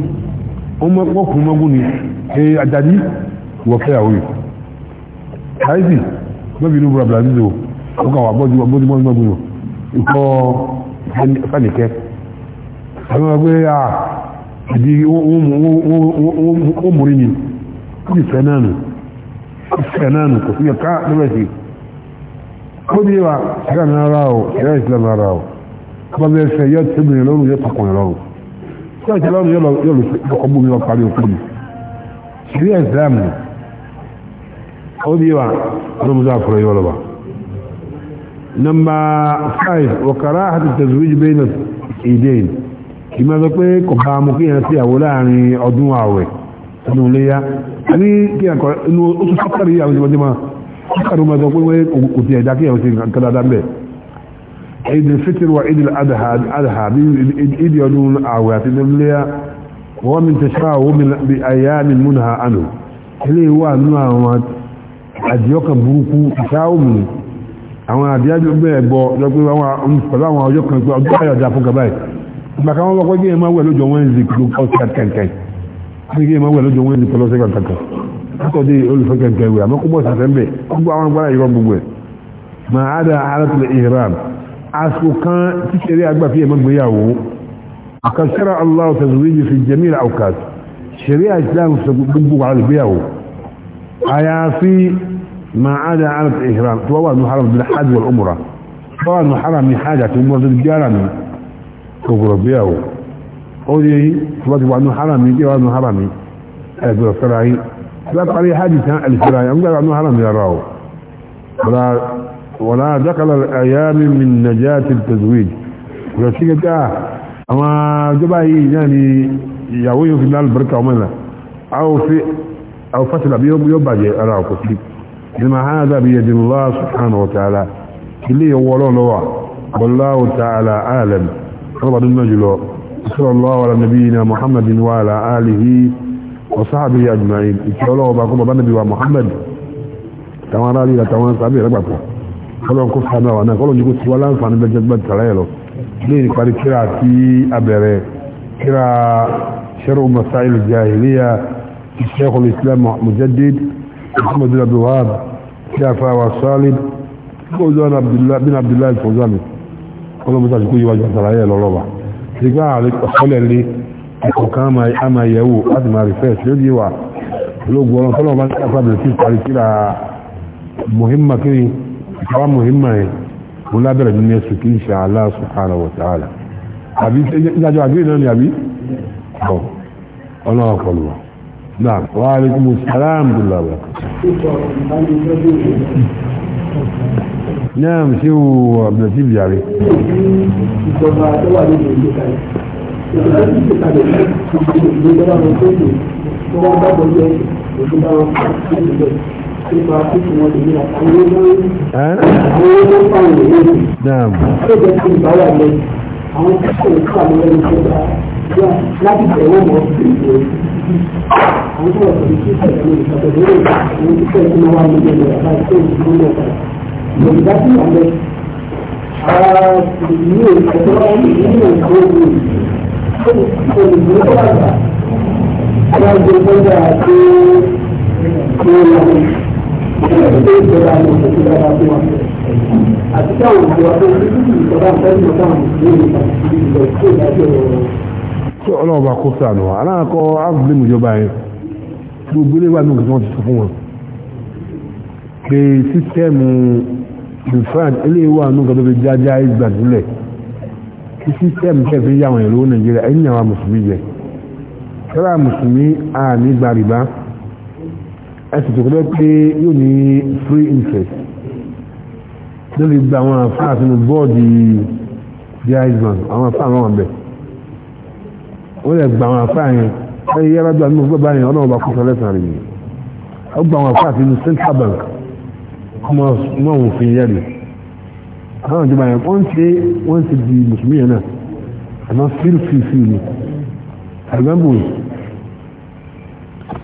wọ́n kùn mọ́gún ni ee àjàdí wọ́n fẹ́ àwọn yìí láìsí lọ́bí inú burabura nílò ó kà wà gbọ́dí gbọ́dí mọ́gún mọ́gún ikọ́ fẹ́nìkẹ́ àwọn ọgbẹ́ à ìdí ó múrí ni ó sì fẹ́ náà nù ó fẹ́ náà nù kò sí ẹ̀ká lọ́wọ́ sí ó ní wa ṣẹ́gà náà ra ọ̀ ṣẹ́gà ìsìlámù ara ọ̀ tí ọ̀jẹ̀ lọ́nà yóò lọ ọkọ̀ bómi lọ parí òkú mi ṣírí ẹ̀sìlámù ni ó bí wa ọlọ́mọdé àfọ̀rọ̀ yóò lọ́ba nọmba 5 ọ̀kàrá àti tẹ̀síwíj bẹ́ẹ̀nà ìdẹ́yìn ìmọ̀ sọ pé kò bá mú kí yẹn sí àwọ láàrin ọdún ààwẹ̀ ọdún léyá a ní kí ẹ̀kọ́ inú oṣù sọ́kàrí àwọn ìjọba jẹ́ máa sọ́kàrí ó sọ pé kò tiẹ̀ dá kí ẹ̀wọ̀n عيد الفطر وعيد الأضحى الأضحى عيد يدون أعوات a ومن تشبهه من بأيام منها عنه إليه هو أنه أمات أديوك بروكو تشاومني àwọn àdíyájú bẹ́ẹ̀ bọ́ lọ́pẹ́ àwọn pẹ̀lú àwọn ọjọ́ kan pé ọjọ́ àyọ̀dá fún gaba ẹ̀ ìgbàkà wọn wọ́pẹ́ gẹ́ ẹmọ́ wẹ̀ lójọ́ wẹ́nzì àsùnkàn tíṣẹ̀rí agbàfí ẹ̀mọ́ gbéyàwó àkàṣẹ́rà Allah tazwiju fi jẹ́mí àwòkàt ṣẹ̀rí àìsíláàmù sọ gbogbo wà lùgbéyàwó àyàfi máa dá àrùn ìhìrán tó wà ní haram bí hajj wal umra tó wà ní haram ní hajj àti umra tó gbéyàrá mi kò gbọ̀rọ̀ gbéyàwó ó di tó bá ti wà ní haram ní wà ní haram ní ẹgbẹ̀rọ̀ fẹ́ra yìí tó bá parí hajj tán ẹ̀lẹ́fẹ́ra yìí àwọn gbẹ̀rọ̀ ní haram yàrá o ولا دخل الأيام من نجاة التزويج ولسيك جاء أما جبعي يعني يعوي في الله البركة ومنا أو في أو فتل بيوم يوم بعد أراه كثير لما هذا بيد الله سبحانه وتعالى اللي يولون لوا والله تعالى عالم رب المجلو صلى الله على نبينا محمد وعلى آله وصحبه أجمعين إن شاء الله وبركاته بنبي ومحمد تمام رأي تمام صحبه ربكم kọlọ́n kó sanu àwọn náà kọlọ́n yìí kó tiwa láǹfààní lọ́jọ́ gbà tàlá yẹ lọ lè ní parí kíra àti abẹ̀rẹ̀ kíra sẹ́rù masáyil jahiliya sẹ́kùl islam mujaddid muhammad abdul wahab kíra fáwa sálid fọ́zán bin abdullahi fọ́zán kọlọ́n musa ti kó yíwájú tàlá yẹ lọ́rọ́ wa ṣìgbà àlẹ́ ọ̀sọ́lẹ̀ lé ọ̀kan àmà yẹ̀wò láti máa rìfẹ́ àwọn mọ̀hímà yẹn mo lábẹ́rẹ̀ ní ẹ̀sù kí n ṣe Allah subhanahu wa ta'ala àbí ìdájọ́ àgbé náà ni àbí ọ̀ ọlọ́run ọ̀pọ̀lù wa náà wa alaykum salaam dùlà wa. náà ṣé o àbùnàtí ìbìyàrí. ìjọba tó wà nínú ìlú kalẹ̀ ìjọba tó ti kalẹ̀ ìjọba tó ti kalẹ̀ ìjọba tó ti kalẹ̀ nípa títí wọn lè yíra àwọn ọmọ àwọn ọmọ fáwọn èèyàn yìí. ó jẹ́ kí n bá wà lẹ́ àwọn tí kò ń kà lọ́wọ́ ní tó bá wà láti tẹ̀wọ́ mọ́ ìgbè àwọn tó wà pẹ̀lú tí ìṣẹ̀lẹ̀ ní ìṣàkóso lórí àwọn tí kò ń wà ní ilé ìyàrá tó ń tó ń lọ́ta. yorùbá sì wà lẹ́ ara ìlú ìṣẹ̀lẹ̀ ìlú ìṣòro olùdókòwò àwọn ìgbésẹ̀ àti àti káwọn ìjọba tó ń bí ìjọba ń tẹ́lẹ̀ táwọn ìlú ìjọba tó ń dájọ́ tí ọlọ́ọ̀bá kó sànù wa aláàkọ́ áàbùlẹ̀mù ìjọba yẹn gbogbo ilé wà ní òkè wọn ti sọ fún wọn pé sísẹ́ẹ̀mù ìfran ilé wà ní òkè tó fi jájá ìgbà nílẹ̀ kí sísẹ́ẹ̀mù tẹ̀ yà wọn ìlú Nàìjíríà ẹ̀yìn àwọn mùsùlùmí jẹ tọ́lá mùsùlùmí àmì gbàrìbá ẹsẹ̀ tó kọjá pé yóò ní free interest lórí gba àwọn àfáà sínú bọ́ọ̀dì jaiz bank àwọn àfáà wọn wà bẹ̀ wọ́n lè gba àwọn àfáà yẹn ẹ̀yẹ yára gba nínú gbọ́dọ̀ báyìí ọlọ́run bá kó sọ lẹ́sàn-án rẹ̀ yìí ó gba àwọn àfáà sínú central bank ọmọ àwọn òfin yẹn rè àwọn ìjọba yẹn wọ́n ṣe wọ́n ṣe di mùsùlùmí yẹn náà àmọ́ fíl fíl fíl ni àgbẹ̀mbò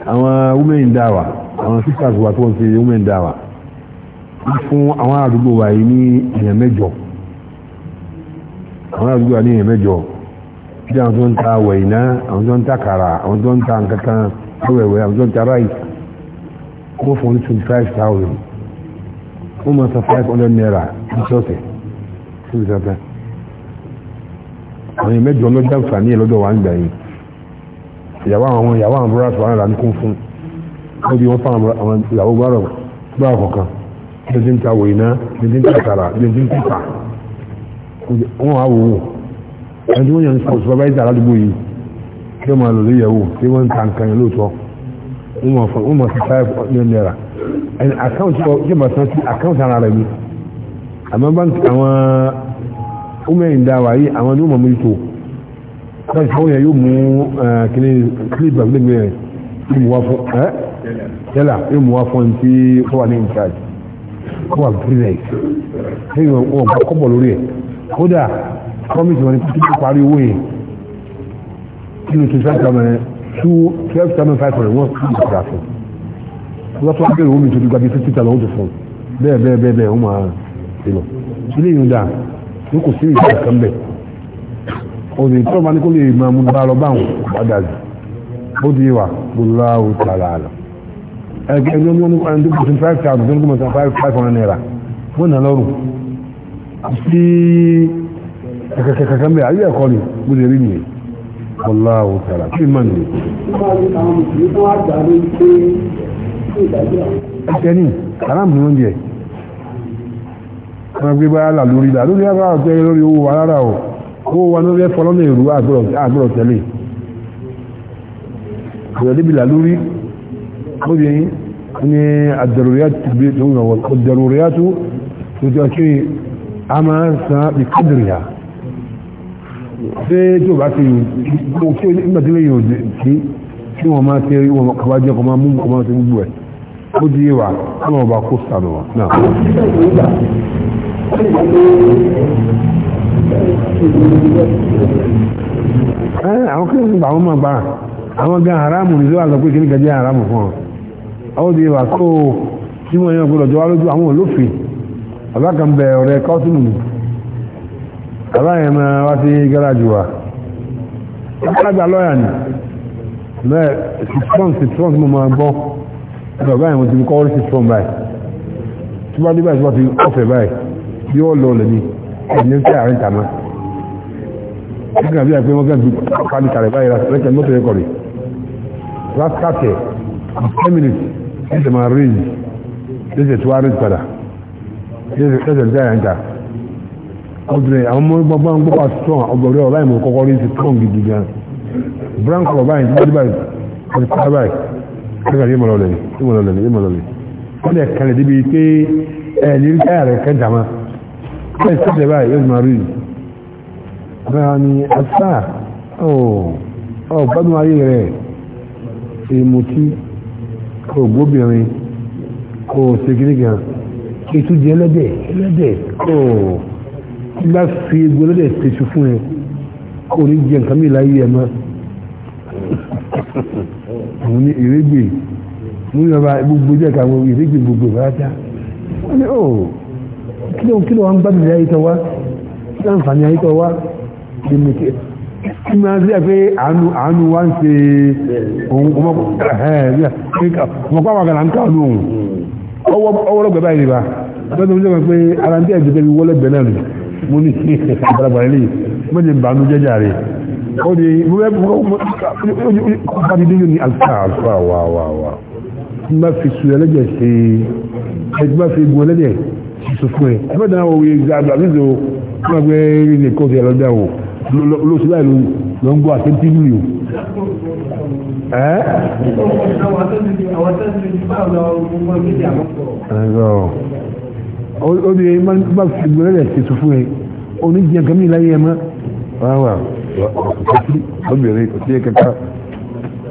àwọn women in Dawa àwọn sisters wa tó ń ṣe women dawa fún àwọn àdúgbò wa yìí ní èèyàn mẹ́jọ àwọn àdúgbò wa ní èèyàn mẹ́jọ bí àwọn tó ń ta wẹ̀yìnà àwọn tó ń ta kàrà àwọn tó ń ta nǹkankan awẹ̀wẹ̀ àwọn tó ń ta rice wọ́n fún twenty five thousand wọ́n máa five hundred naira lọ́sọ̀ọ̀sẹ̀ sí ìsọ̀tẹ̀ àwọn èèyàn mẹ́jọ lọ́jọ́ àǹfààní ẹ̀ lọ́dọ̀ wa ń gbà yìí ìyàwó àwọn ìyàwó àwọn búrọ́sì wa ń ra ní kún fún wọ́n di wọ́n fa àwọn ìyàwó gbára gbá ọ̀kọ̀kan ẹni tí ń ta wòyìnà ẹni tara ń ta tààrà ẹni tí ń ta tà wọ́n á wò ó ẹni tí wọ́n yàn sọ supervisor aládùúgbò yìí kí wọ́n máa lò lóye wò kí wọ́n ń ta nǹkan yẹn lóòótọ́ wọ́n máa fi five million naira ẹni account yọ yóò máa san sí account ara rẹ̀ mi àmọ́ báńkì àwọn ọmọ ẹ̀yìn dáwà yìí àwọn ni wọ́n máa mú ètò báńkì àwọn yẹn yóò mú kíní kílíbà gbẹgbẹ yẹn yóò mú wá fún ẹ́ tẹ́lá yóò mú wá fún tí ó wà ní ìtajà kó wà bírílẹ̀ yìí wọ́n bá kọ́bọ̀ lórí ẹ̀ kódà promise wọn ni kí ó parí owó yìí nínú two thousand and two twelve thousand five hundred wọ́n kú ìgbà fún wọ́n tó wá bẹ̀rẹ̀ omi tó dùgbà bíi fifty thousand ó ti fún bẹ́ẹ̀ bẹ́ẹ̀ bẹ́ẹ̀ bẹ́ẹ̀ ó máa ṣe lọ ilé yìí ń dà ní kò sí ìgbà kan bẹ́ẹ̀ òní tó máa ní kó lè máa mú bá lọ báwọn bá dà ó di wà gbọláwó tààlà àlọ́ ẹgbẹ́ ẹgbẹ́ wọn ní ọdún tó kùsùn five thousand tó ń gbọ́n five five hundred naira wọ́n nà lọ́rùn sí kẹkẹkẹkẹ mbẹ ayé ẹ̀kọ́ ni mo lè rí nìyẹn kọlá o kí n má nìyẹn. ẹsẹ̀ ni wọ́n jẹ wọ́n gbé báyà là lórí là lórí ara ọ̀tẹ́ lórí owó wa o owó wa lórí ẹ̀fọ́ lọ́nà èrú àgbọ̀rọ̀ tẹ̀lé خذي يعني الضروريات تلبية الأولى والضروريات تتأكي عمى بقدرها سيتوب عسي ممكن إما تليه في كي وما تيري وما قواجي وما مم وما تنبوه خذي يوعى أما باقوص عنه نعم àwọn kí ló ń bá wọn máa gbá àwọn gan haramu ní ló wà lọ pé kí ní gajẹ́ haramu fún ọ àwọn òde wà kó tí wọ́n yàn gbọ́dọ̀ jọ wá lójú àwọn olófin bàbá kan bẹ ọ̀rẹ́ kọ́tùmù nù bàbá yẹn máa wá sí gáràjì wa alága lọ́yà ni bẹ́ẹ̀ sitron sitron mo máa gbọ́ bàbá yẹn mo ti kọ́ orí sitron báyìí tí wọ́n dé báyìí tí wọ́n ti ọ̀fẹ́ báyìí yóò lọ lẹ́ni ẹ̀yìn tí àárín tàmá nígbà bí i pé wọ́n gẹ́gẹ́ bí pálí kàrẹ̀ báyìí rẹ̀ kẹ́ mọ́tò ẹ̀kọ́ rẹ̀ last 30 10 minutes ẹsẹ̀ máa rí ẹsẹ̀ tó wá rí padà ẹsẹ̀ tó yà ń ta ọdún àwọn ọmọ gbogbo àwọn gbogbo strong ọgbọ̀rẹ́ ọ̀rá ìmọ̀ kọ́kọ́ rí ti strong gidi gan brown color báyìí ti gbọ́dọ̀ báyìí àti kọ́kọ́ báyìí kọ́kọ́ rí ìmọ̀lọ́lẹ̀ ìmọ̀lọ́lẹ̀ ìmọ̀lọ́lẹ̀ wọ́n lè kalẹ̀ débi pé ẹ̀ ní káyà rẹ̀ kẹta ma ẹ̀ sẹ́tẹ̀ báyìí yóò máa rí ọ̀rá ni àṣà ọ̀ gbádùn ayé rẹ̀ èmùtí kò gbóbìnrin kò ṣègìrìgàn ètò jẹ ẹlẹ́dẹ̀ ẹlẹ́dẹ̀ kò bá fi egbò ẹlẹ́dẹ̀ tẹ̀sù fún ẹ kò ní jẹ nǹkan mi láyé ẹ mọ́ òun ní ìrégbè mú yọba gbogbo jẹ́ ká gbogbo ìrégbè gbogbo ìbáratá wọ́n ní ó oh, kí ló ń gbádùn ayé tó wá kí ló ń fàní ayé tó wá kí máa sí ẹ̀ pé àánú wá ń ṣe ohun ọmọkọ̀wà kan láńkà ní ohun ọwọ́rọ̀ gbẹ̀bá ìrìbá lọ́dún mú jẹ́ pé ara ń tẹ́ ẹ̀jẹ̀ tẹ́bi wọ́lẹ̀ gbẹ̀ náà mú ní àgbàlagbà ilé mẹ́jẹ̀ bá nú jẹ́jà rẹ̀ ó di mú bẹ́ kọ́kọ́ ti dínú ní àkàkọ́ àwàwàwà tí má fi sùn ẹlẹ́jẹ̀ ṣe ẹ tí má fi gun ẹlẹ́jẹ̀ ṣe fún ẹ ẹ bẹ́ẹ̀ náà wọ́n wí gbàgbà nígbà lóṣù báyìí ló ń gbọ́ àtẹ́ntì nìyó. ó di ẹ má fi gbọ́dọ̀ lẹ̀ ṣètò fún ẹ oníjìyàn kan mi láyé ẹ mọ́. wáwà obìnrin kò sí kẹta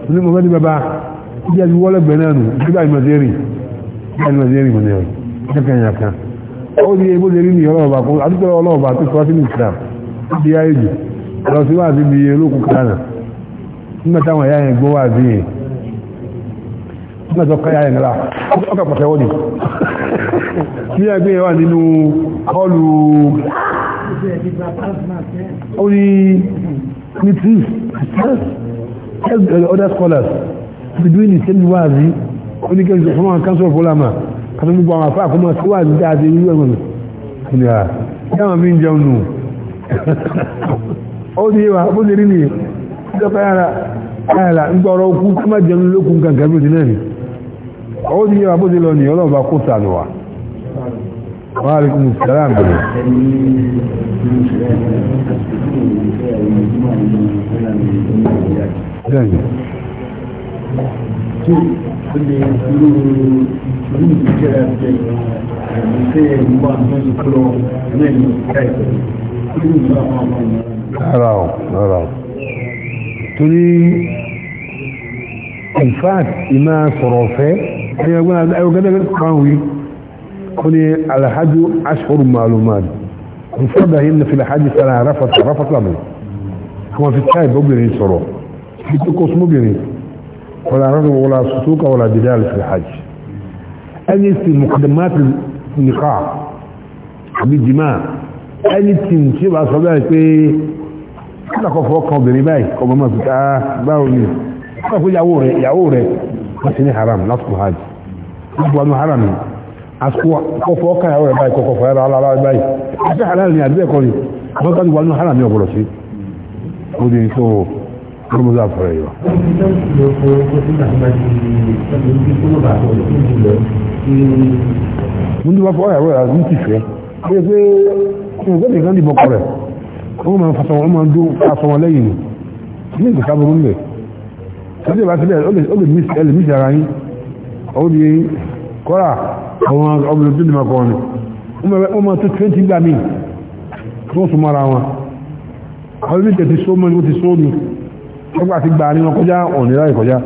ní mo fẹ́ ní bàbá ìdí àti wọ́lọ́gbẹ̀ẹ́ náà nù bí báyìí máa ṣe rìn bí báyìí máa ṣe rìn mọ̀ ní ọ̀rọ̀ kankan yàkan ó di ebó lè rí ní ọlọ́ọ̀bà kó àdúgbò ọlọ́ọ̀bà ó di ayé lọ sí wáàbí bí olókùn kánà nígbàtàwọn ẹ̀yà yẹn gbọ́ wáàbí yẹn nígbàtàwọn káyà yẹn lára ọkà pàtẹ́wọ́ ni ní ẹgbẹ́ yẹn wà nínú kọlù orí ní tí other scholars be doing the same wáàbí oníkẹ́lù fún àwọn council of olama àti gbogbo àwọn àfáà fún ah, àwọn wáàbí dáadé ní ìwé ẹ̀wọ̀n ni àwọn mi ń jẹun nù ó bó ṣe rí nìyí ìjọba ara ààlà ń gbọ́rọ̀ okú tó má jẹun lókun kankan bí òdínà ni ó ní bó ṣe lọ ní ọlọ́ọ̀bá kó sànù wa wa alaikum ìjẹ́ rárá o rárá o torí in fact ìmá sọ̀rọ̀ fẹ́ ẹni ẹgbẹ́ ẹgbẹ́ kan wí kò ní alhaju ashhur ma'lumat kò fọ́dà yìí na fìlà hajj sára rafat rafat lamu kuma fi táì bọ́bìnrin sọ̀rọ̀ fi tó kó súnmọ́bìnrin wala rafat wala susuka wala bidal fìlà hajj ẹni sì mukaddamat nikah àbí jimá ẹni tí ń ṣe bá alákọ̀ fọ́ kan obìnrin báyìí ọmọ máa fìkà báwo ni wọ́n fún ìyàwó rẹ̀ ìyàwó rẹ̀ wọ́n ti ní haram lásìkò hajj gbogbo àwọn haram àsìkò kọfọ́ ọkàn ìyàwó rẹ̀ báyìí kọkọ̀ fọ́yàrá alára báyìí àti halal ni àdúgbò ẹ̀kọ́ ni wọ́n ká ní wọ́n haram ní ọ̀pọ̀lọ̀ sí ó mo ní ti fẹ́ pé pé ìgbẹ́ wọ́n máa fàṣọ wọn máa dún fàṣọ wọn lẹ́yìn ní ìgbà ká burú bẹ̀ ṣáàtì bá sílẹ̀ ó lè mí ẹlẹ́ mí ṣara yín ó di kọ́ra àwọn ọmọdé tó dìmọ̀ kọ́ni wọ́n máa tó twenty gbà mí wọ́n sùn mọ́ra wọn ọdún ní tẹ̀sí só mọ́ni ó ti só mi ọgbà ti gbà ní wọn kọjá ọ̀nà ìlà ìkọjá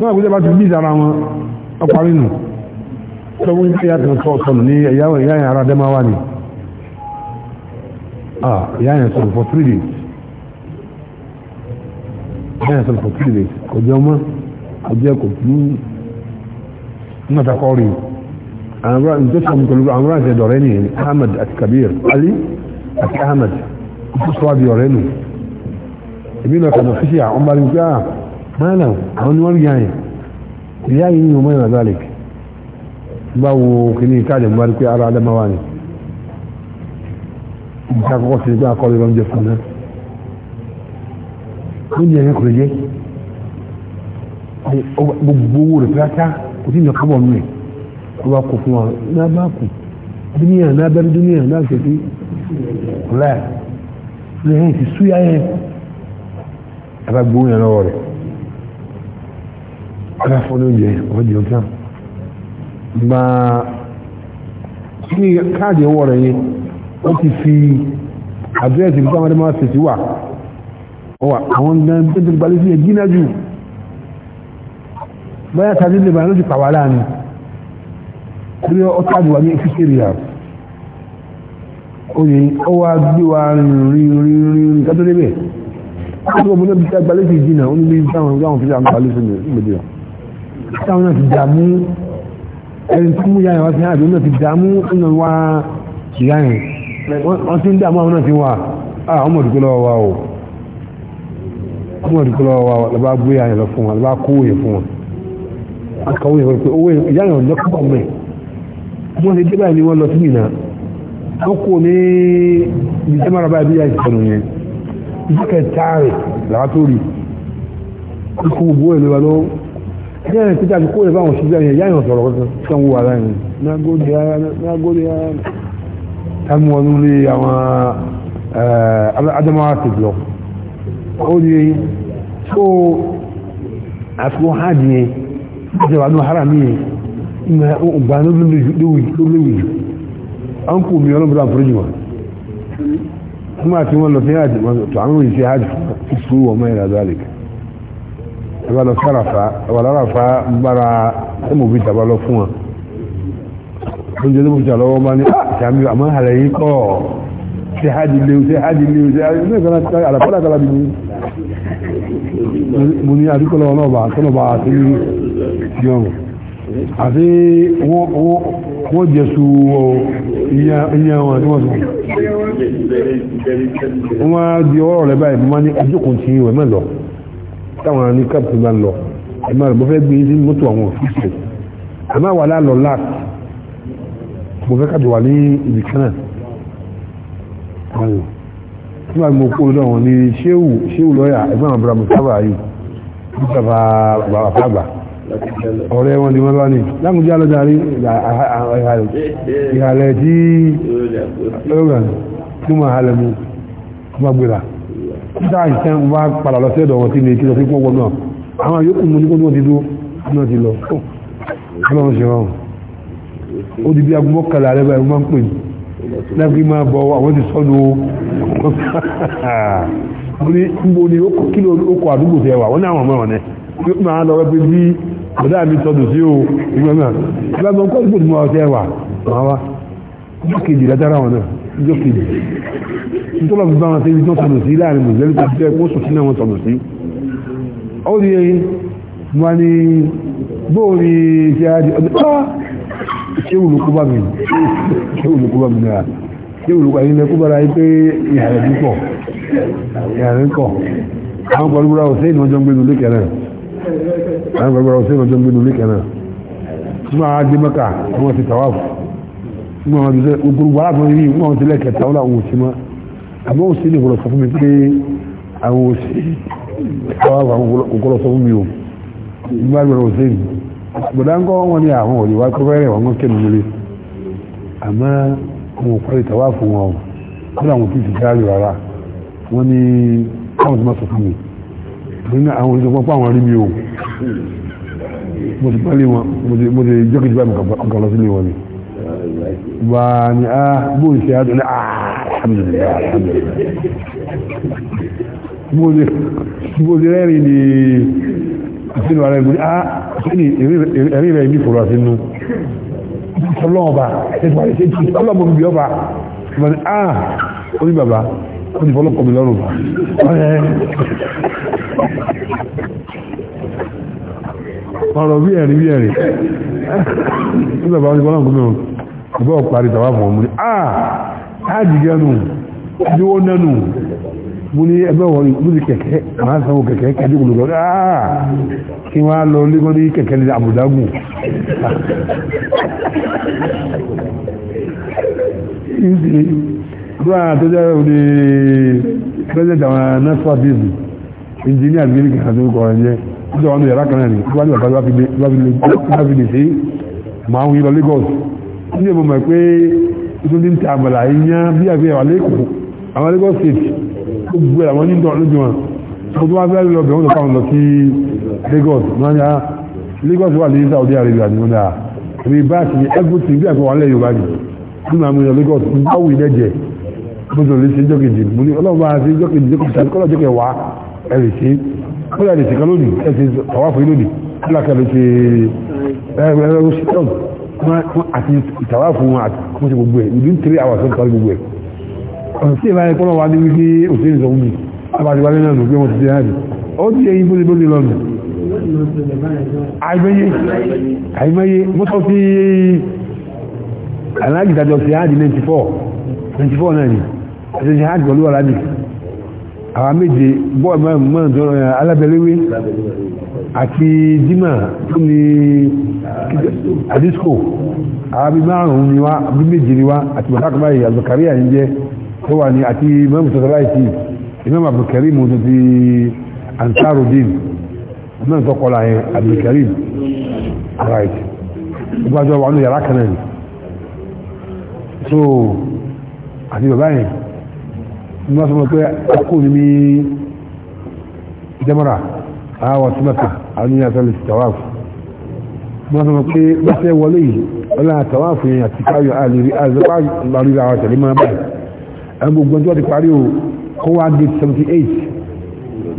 wọ́n àgbẹ̀já bá ti bí ìdára wọn ọparí nù sọ wọ́n ń pè é àtìmọ́tò ọ̀sán ní ẹ̀yà ara dẹ́máwá ni ah ìyá yẹn sọ̀rọ̀ for three days ìyá yẹn sọ̀rọ̀ for three days kò jẹ́ ọmọ àjẹ́ kò tún nígbàtà kọ́ rí àwọn ìjọsìn àmì pẹ̀lú àwọn ìjọsìn ọ̀rẹ́ ni Ahmed àti Kabir Ali àti Ahmed kò sọ àbí ọ̀rẹ́ nù èmi náà kàn fi ṣe àwọn bá rí pé ah, àwọn ni wọ́n rí yàn ìyá yìí ni ọmọ ìrìnàjò àlèkì báwo kìíní káàdì mọ́ rí ara adamawa ni nǹkan àkọ́kọ́ sí pé akọ́lé ló ń jẹ fún náà oúnjẹ yẹn kò lè jẹ gbogbo owó rẹ̀ pátá kò tí ì yàn kábọ̀ nù ẹ̀ kó wa kó fún wa náà bá kù dúníyà náà bẹ́ẹ̀ dúníyà náà ṣe fi ọ̀la ẹ̀ lẹ́yìn ti súyà yẹn ẹ bá gbóhùn yẹn lọ́wọ́ rẹ̀ ẹ bá oúnjẹ ọ̀hún jẹun tán gba káàdì ọwọ́ rẹ̀ yẹn ó ti fi àdírẹ́sì nípa àwọn ọmọdé tẹ̀sí wà ọwà àwọn gan tó ti gbalẹ̀ sí ẹ̀ jìnnà jù bóyá tàbí lè bàá ló ti pàwà láàrin torí ó tàbí wà ní fífi rí àrùn ó yẹ ó wá gbé wa rìn rìn rìn rìn kátó débẹ̀ ó tó gbọ́dọ̀ bí i gbalẹ̀ sí jìnnà ó ní bí táwọn gbáwọn fi àwọn gbalẹ̀ sí ìgbèdè táwọn náà ti dààmú ẹni tó mú yára wá sí àbí ó náà ti dààmú ó náà wá ìyá wọ́n ti ń dá àwọn náà ti wà àwọn ah, ọmọ o ọmọ ìdúgbò lọ́wọ́ wa lọ́ba gbé àyàn lọ fún wa lọ́ba kó òye fún wa akọ̀wé ìwọ̀n pé owó ìyá ìrìn lọ kọ́ mẹ́ wọ́n ti débà ní wọ́n lọ sí ìnà wọ́n kò ní ìjẹ́mọ́ra báyìí bí àìsàn ìsọ̀nù yẹn ìjọ kẹta rẹ̀ làwọn tó rí kókó gbogbo ìlú wa lọ ẹgbẹ́ rẹ̀ títà kó lè báwọn ṣiṣẹ́ yẹn yáyàn sọ̀rọ̀ kan sanwó ara yẹn nágóde ara nágóde kámú ọdún lé àwọn adamawa ti lọ ó ní tó àfihàn hajj yẹn ìjọba ní haram yẹn ìmọ̀ ọgbà ní olówìjù an kò mi ọlọ́bùdó àforíjì wọn kuma tí wọ́n lọ sí hajj tó àwọn ìṣe hajj fún wọn mẹ́rin àzálìkì ẹ̀bá lọ sárafa ẹ̀bá lọ́rafa bára ẹ̀mọ̀bí tàbá lọ fún wọn oúnjẹ tó bùtà lọ́wọ́ bá ní àtàmì ah, àmọ́ àlẹ́ yìí kọ́ ṣe hajj léwu ṣe hajj léwu ṣe hajj léwu ṣe àlàfọ́lá kala bí mo ní àdúgbò lọ́wọ́ náà bá tọ́lọ̀ bá àti yọ̀n àti wọ́n jẹ̀sù ìyẹn wọn tí wọ́n sọ wọ́n á di ọ̀rọ̀ rẹ̀ báyìí mo ní ajókòó ti wẹ̀ mẹ́ lọ táwọn ní káàpù máa lọ ẹ̀ma rẹ̀ mo fẹ́ gbé sí mọ́tò àwọn òfìsì àmọ́ wà lálọ́ láti mo fẹ́ kájọ wà ní ibì kan náà nígbà tí mo kó lọ́dọ̀ wọn ni ṣéwù ṣéwù lọ́yà ẹgbẹ́ àwọn abúlé mustapha yìí mustapha àgbà ọ̀rẹ́ wọn ni wọ́n bá ní lámùjá lọ́jà rí ìhàlẹ̀ tí ọlọ́gbọ̀n tí mo hàlẹ̀ mu bá gbéra títà ìṣẹ́ ń bá padà lọ sí ẹ̀dọ̀ wọn tí ní kí lọ sí pọ́wọ́ náà àwọn yòókù mo ní kó ní wọ́n ti dúró náà ti lọ ọlọ́run ṣe rọrùn ó di bí agbó mọ́kànlá rẹ̀ báyìí wọ́n máa ń pè ní láti máa bọ̀ àwọn ti sọ́nu *laughs* mo ní kí ló ó kọ àdúgbò tẹ wà wọ́n ní àwọn ọmọ wọn náà máa lọ wẹ́pẹ́ bí bọ̀dá mi sọ́dọ̀ sí o ìgbà náà ìgbà náà kọ́ àdúgbò tí mo wà tẹ wà máa wá ọjọ́ kejì látara wọn náà ọjọ́ kejì nítorí ọ̀gbìn bá wọn tẹ́lẹ̀ tí wọ́n sọ̀rọ̀ sí láàrin mùsùlùmí tó jẹ́ kó sọ̀tún náà wọ́n sọ̀rọ̀ sí ó ní wọ́n ní bóòrí ti ṣéwù ló kó bá mi ṣéwù ló kó bá mi náà ṣéwù ló kó ayé lẹ́kó bára pé ìhàlẹ̀ bí pọ̀ ìhàlẹ̀ pọ̀ àwọn gbàlúgbàlá ọ̀sẹ̀ ìnà ọjọ́ ń gbénu lókè náà àwọn gbàlúgbàlá ọ̀sẹ̀ ìnà ọjọ́ ń gbénu lókè náà fún àwọn adémọ́kà àwọn ti tàwá fún àwọn ti gbogbo aláàbọ̀ yìí fún àwọn ti lẹ́kẹ̀ẹ́ta ó làwọn òsì mọ́ àmọ́ òsì ní ìgbọ̀lọ̀ sọ gbọ̀dáńgọ́ wọn ni àwọn òyìnbá kọ́kọ́rẹ́ wọn kẹ́ lórí àmọ́ wọn kọ́ lè tàwá fún wọn kọ́ làwọn tí ti jáde rárá wọn ni káwọn ti máa sọ fún mi torí náà àwọn olùdókòwò pa àwọn rí mi o mo ti pálí wọn mo ti jọ́kìjì bá mi kàn lọ sílé wọn ni wà ní a bóyì ṣe àdùn ní alhamdulillah alhamdulillah bóyì rẹ́rìn ni àfihàn ara ah ẹ̀rí rẹ̀ ní fòrò àti inú ọlọ́ọ̀bá ọlọ́ọ̀bá mi bí ọba ìbàdí ah orí bàbá ó ti fọlọ́pọ̀ mi lọ́rùn ọ̀rọ̀ bí ẹ̀rí bí ẹ̀rí ní bàbá ó ti fọlọ́pọ̀ mi ọ̀bọ̀ parí tàwà fún ọmọ ah táàjì gẹ́nu ẹjọ́ nẹ́nu mo ní ẹgbẹ́ wọn lórí kẹ̀kẹ́ àwọn sanwó kẹ̀kẹ́ kẹ́dí gbogbo lọ áà ah, kí wọ́n á lọ lẹ́gbọ́n ní kẹ̀kẹ́ ní àbùdágùn ìgbà tó jẹ́ òní president àwọn national business engineer bí i kẹ̀kẹ́ tó kọ̀ ẹ̀ jẹ́ ìjọ wọn yàrá kan ní wọ́n ní ọ̀tá láfi lè sí máa ń lọ Lagos ní ẹ̀mọ̀ mọ̀ pé ìtúndí ń ta àbàlà ìyá gbogbo àwọn ní ìdọ̀ lójú wọn tó tó wá fẹ́ lọ bẹ̀rún lọ́pàá lọ sí Lagos wọ́n ní ah, Lagos wà ní Saudi Arabia ní wọ́n dáa rí báàkì ní everything bí ẹ̀kọ́ wà lẹ́yìn Yorùbá ni nínú àwọn èèyàn Lagos ń bá wù lẹ́jẹ̀ mo sọ lè ṣe jọ́kejì mo ní ọlọ́run bá ṣe jọ́kejì jọ́kejì tàbí kọ́lọ́ jọ́kejì wá ẹ lè ṣe ó yà lè ṣe kan lónìí ẹ ṣe ọwá fún lónìí kíláàkà lè ṣe ẹ̀rọ ṣe tọ́ọ̀gù àti ìtàwá fún wọn àti kọ́ṣe gbogbo ẹ̀ ìdí ń tẹ̀lé àwọn àṣọ ọ̀nà tí ìbáyé kọ́lọ̀ wá ní wípé òṣèlú sọ fún mi abàdìwálé náà ló gbé wọn ti dé náà ó ti yẹ ibúlé bó 94 94 náà ni ẹ̀sẹ̀ sí áàdì pẹ̀lú aláàdì àwọn méje bọ́ọ̀ mọ́ọ̀dọ́ alábẹ̀lẹ́wé àti dima tó ní àdísíkò àwọn bí márùn-ún ni wá bí méje ni wá àti bàtàkùnmáyì àzọkàríà ń jẹ́ tó wà ní àti imam sọ̀tàláìsì imam abdulkarim tó ti ansarudin imam tó kọlá yẹn abdulkarim right ìgbàjọ wà ní yàrá kanáà ni so àti bàbá yẹn ní wọ́n sọ mọ́ pé akóni ní jamara àwọn símẹ́ta àwọn ìyá sọ́lẹ̀ tàwáfù wọ́n sọ mọ́ pé wọ́n fẹ́ wọlé yìí ọlá tàwáfù yẹn àti káyọ̀ àlèrí àzọ́pá lórí àwọn tẹ̀lé máa báyìí gbogbo ọjọ́ ti parí o kó wá dé 78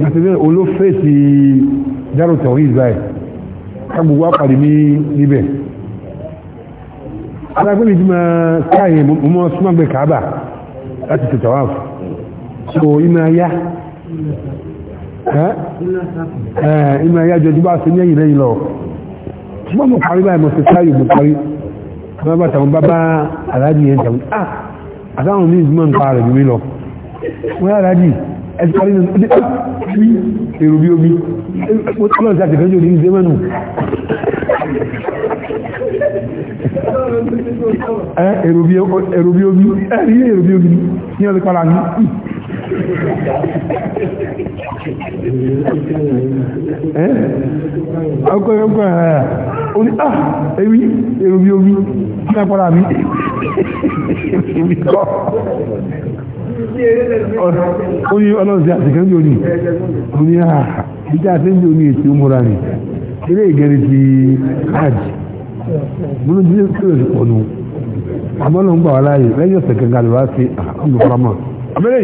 láti ní olófèsì dárò tẹ̀wọ̀n israel kágbó wá pàdé ní níbẹ̀ alágbẹ́lẹ̀ tí máa káàyè mọ́ súnmọ́gbẹ̀ káàbà láti tẹ̀tẹ̀ wá so ìmọ̀ ayá ìmọ̀ ayá jọjú bá ṣe ní ẹ̀yìn lẹ́yìn lọ ṣùgbọ́n mo parí báyìí mo ṣe sáyò mo parí bá bá tàwọn bá bá aláàbí yẹn tàwọn ah àtàwọn ní ìgbìmọ̀ ń pa rẹ̀ jùmí lọ wọ́n yára jì ẹ̀sìkárí ní ọdún sí èrò bí omi ọlọ́run ti àtẹ̀fẹ́ jù ní ìdẹ́mẹ́nu èrò bí omi ẹ̀rí èrò bí omi ní ọdún pàlà ní ọkọ̀ ọkọ̀ ẹ̀rẹ̀ orí ah ewì èrò bí omi lápọ̀lá mi ibi kọ́ oní ọlọ́sí àtìkẹ́ ní oní oní àà ìjẹ́ àti ní oní ah, ètò múra ni eré ìgẹ̀rẹ̀ ti hajj múlò ní ìṣẹ́lẹ̀ sí pọ̀ nù àmọ́ ló ń gbà wá láàyè lẹ́yìn ọ̀sẹ̀ kẹgàlù wá sí àwọn olùkọ́mọ̀ abẹ́rẹ́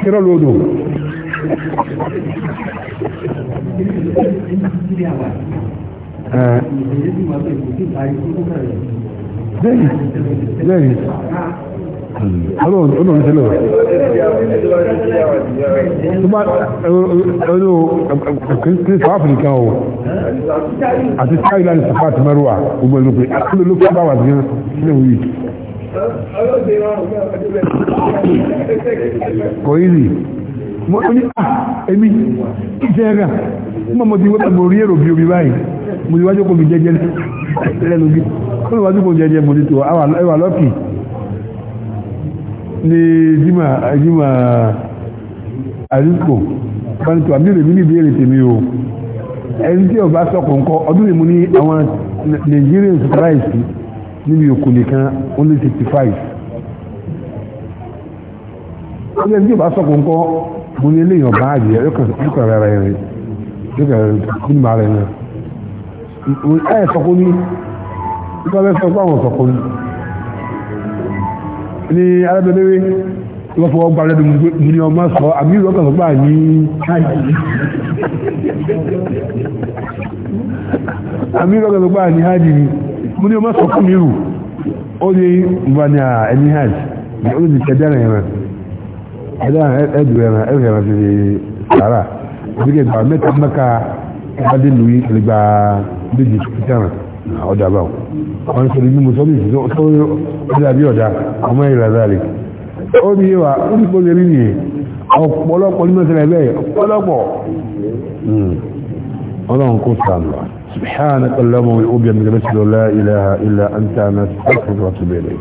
kírọ́lù odò bẹ́ẹ̀ni bẹ́ẹ̀ni ọlọ́run ọlọ́run tẹ́lẹ̀ ọ̀rọ̀ south africa o àti thailand safat marwa gbogbo ẹ̀lú pé akúlẹ̀ ló fẹ́ bá wà gan sílẹ̀ wíì kọ́ ìrì mo ní à ah, èmi ìjẹ́ ẹ̀rà mo mọ̀ tí wọ́n tàbí orí èrò bí omi báyìí mo ti wájú kò mi jẹ́jẹ́ lẹ́nu bí ó lè wájú kò mi jẹ́jẹ́ mo ti tò ẹwà lọ́kì ní jimá jimá àdúgbò báni tó àbí rèmi ní ìbéèrè tèmi o ẹni tí ọba sọkùn kọ ọdún yìí mo ní àwọn Nigerian surprise níbi òkú nìkan only sixty five ọdún yìí tí ọba sọkùn kọ mo ní eléyìí ọba àjẹ yókàn rẹ rẹ yókàn rẹ nínú ara ẹni ẹ ẹ sọkún ní nípa bẹ sọkún ní mo ní ọmọ sọ ìlú àmì ìlú hajj ni mo ní ọmọ sọkún ó ní ẹni hajj ní ẹ̀dá ẹ̀dù ẹ̀ràn ẹ̀rù ẹ̀ràn ti sàárà ìdíkẹ̀ ìgbà mẹ́ta mẹ́ka ìbádé lùí ìgbà méjì kìtàrà ọ̀dà báwò wọn sọ ní mùsọ́lì ìṣẹ́ tó ọ̀dà bí ọ̀dà ọmọ ìlà záàlì ó ní wà ó ní